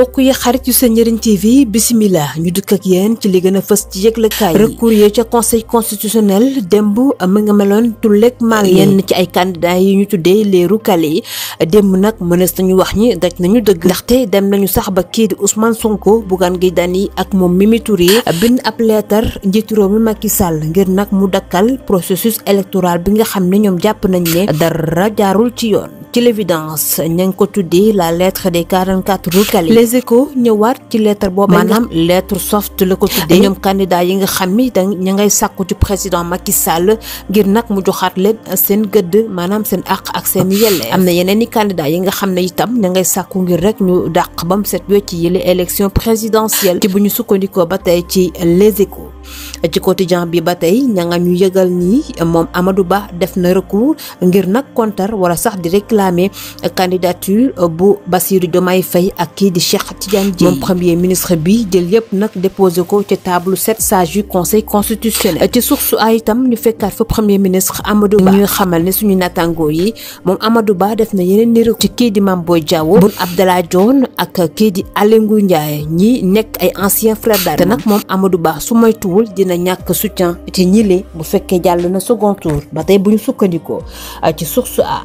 mbokk yi xarit yu seen njëriñ TV bisimilah ñu dikk ak yéen ci li gën a fës ci yëglekaay yi recours yi ca conseil constitutionnel démb euh, mu nga meloon tulleeg maal mm. yenn ci ay candidats yi ñu tuddee les recalés yi démb nag mënees nañu wax ñi daj nañu dëgg ndaxte dem nañu sax ba kii di Ousmane Sonko Bougane Gueye Dany ak moom Mimi Touré bind ab leetar njiitu réew mi Macky sàll ngir nag mu dakkal processus électoral bi nga xam ne ñoom jàpp nañ ne dara jaarul ci yoon ci l'évidence ko tuddee les échos ñëwaat ci lettre boobu maanaam lettre soft la ko tuddee eh, ñoom candidat yi nga xam ni da ña ngay sàkku ci président Macky Sall ngir nag mu joxaat leen seen gëdd maanaam seen àq ak seen yellee am na yeneen i candidat yi nga xam ne itam ña ngay sàkku ngir rek ñu dàq bam set wecc yi les élections présidentielles ci bu ñu sukkandikoo ba tey ci les échos ci quotidien bi ba tey ña nga ñu yëgal nii moom Amadou Ba def na recours ngir nag kontar wala sax di réclamer candidature bu Bassirou Diomaye Faye ak kii Cheikh Tidiane Dièye Mon premier ministre bi jël yëpp nak déposé ko ci table sept sages conseil constitutionnel ci source a itam ñu fekkat fa premier ministre Amadou Ba Ñu xamal ne suñu natango yi mom Amadou Ba def na yeneen niru ci kii di Mame Diawo, Diao Abdallah Dionne ak kii di Aly Ndiaye ñi nek ay anciens frères d'armes Té nak mom Amadou Ba su moytuwul dina ñak soutien ci ñilé bu fekké jall na second tour ba tey bu ñu ci source a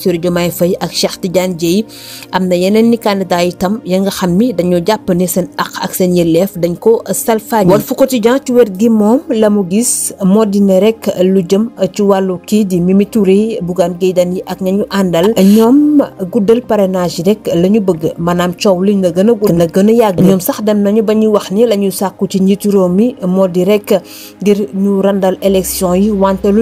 Bassirou Diomaye Faye ak Cheikh Tidiane Dièye am na yeneen ni candidat itam ya nga xam ni dañoo jàpp ne seen àq ak seen yelleef dañ ko salfaañ Walf Quotidien ci wér gi moom la mu gis moo di ne rek lu jëm ci wàllu kii di mi Mimi Touré Bougane Guèye yi ak na ñu àndal ñoom guddal parrainage yi rek la bëgg maanaam coow li nga gën a gudd na gën a yàgg ñoom sax dem nañu ba ñuy wax ni la sàkku ci njiitu réew mi moo di rek ngir ñu randal élection yi wante lu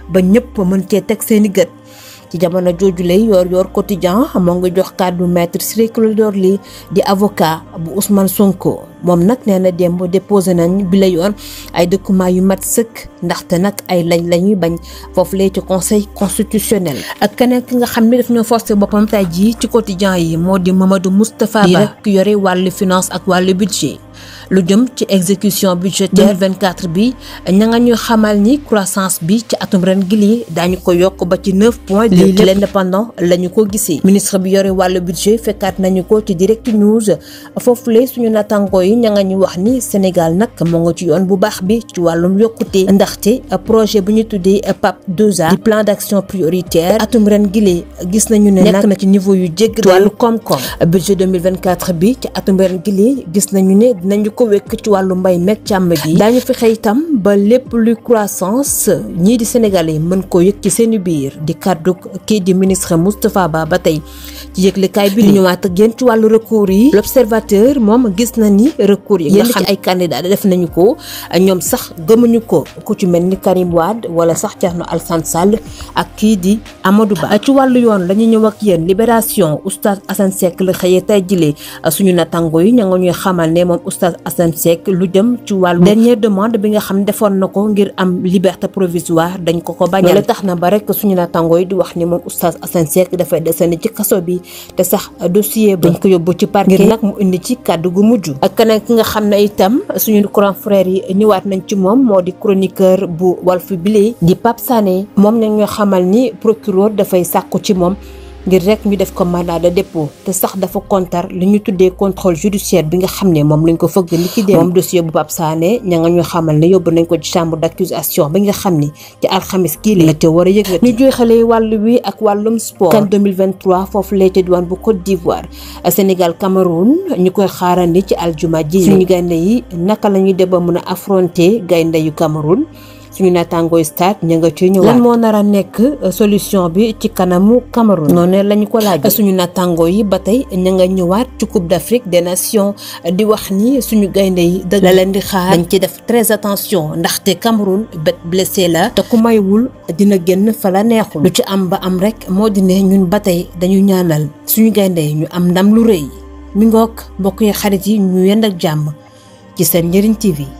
ba ñëpp mën cee teg seeni gët ci jamono jooju lay yor yor quotidien moo ngi jox kàddu maître Ciré Clédor Ly di avocat bu Ousmane Sonko moom nag nee na démb déposé nañ bi yoon ay documents yu mat sëkk ndaxte nag ay lañ lañuy bañ foofu lay ci conseil constitutionnel. ak keneen ki nga xam ne daf ñoo forcé boppam tey jii ci quotidien yi moo di Mamadou Moustapha Ba ki yore wàllu finance ak wàllu budget. lu jëm ci exécution budgétaire 24 mm. bi ña nga ñu xamal ni croissance bi ci atum ren gi lii daañu ko yok ba ci 9 point de l'indépendant la ko gissé ministre bi yore wàllu budget fekkat nañu ko ci direct news lé suñu natango yi ña nga ñu wax ni Sénégal nak mo nga ci yoon bu baax bi ci wàllum yokkute ndaxte projet bu ñu tuddee PAP 2A di plan d'action prioritaire atum ren gi lii gis nañu né nak na ci niveau yu jéggi wàllu koom-koom budget 2024 bi ci atum ren gi gis nañu né nañu ko wekk ci wàllu mbay meeg càmm gi daañu fexe itam ba lépp luy croissance ñii di sénégal yi mën ko yëg ci seen biir di kàddu kii di ministre Moustapha Ba ba tey ci yëglekaay bi di ñëwaat ak yéen ci wàllu recours yi l'observateur moom gis na ni recours yi yenn ci ay candidats def nañu ko ñoom sax gëmuñu ko ku ci mel ni Karim Wade wala sax Thierno Alassane Sall ak kii di Amadou Ba ci wàllu yoon lañu ñëw ak yéen libération oustaz Assane Seck la xëyee tey jilee suñu natango yi ña nga ñuy xamal ne moom oustaz Assane Seck lu jëm ci wàllu dernière demande bi nga xam defoon na ko ngir am liberté provisoire dañ ko ko bañal loolu tax na ba rekk suñu na naatangoo yi di wax ni moom oustaz Assane Seck dafay desandi ci kaso bi te sax dossier ba ngi ko yóbbu ci parquet nag mu indi ci kàddu gu mujj ak keneen ki nga xam ne itam suñu grand frère yi ñëwaat nañ ci moom moo di chroniqueur bu Walf bi di Pape Sané moom na ñoo xamal ni procureur dafay sàkku ci moom ngir rek ñu def ko mandat de dépôt te sax dafa kontar li ñu tuddee contrôle judiciaire bi nga xam ne moom lañ ko fëgg ni ki dee moom dossier bu Pape Sané ña nga ñu xamal ne yóbbu nañ ko ci chambre d'accusation bi nga xam ni ci alxamis kii la te war a yëg ñu joy xale yi wi ak wàllum sport kan 2023 foofu lee ca diwaan bu Côte d'Ivoire Sénégal Cameroun ñu koy xaarandi ci aljuma ji suñu gaynde yi naka la ñuy def ba mën a affronter gaynde yu Cameroun suñu naataangooy stade ña nga ci ñëwaat lan moo nar nekk euh, solution bi ci kanamu Cameroun noonu lañu ko laaj euh, suñu naataangoo yi ba tey ña nga ñëwaat ci Coupe d'Afrique des Nations euh, di wax ni suñu gaynde yi dëgg leen di xaar dañ ci def très attention ndaxte Cameroun bet blessé la te ku maywul dina génn fa la neexul lu ci am ba am rek moo di ñun ba tey dañu ñaanal suñu gaynde yi ñu am ndam lu rëy mi ngoog mbokk yi xarit yi ñu yend ak jàmm ci seen njëriñ TV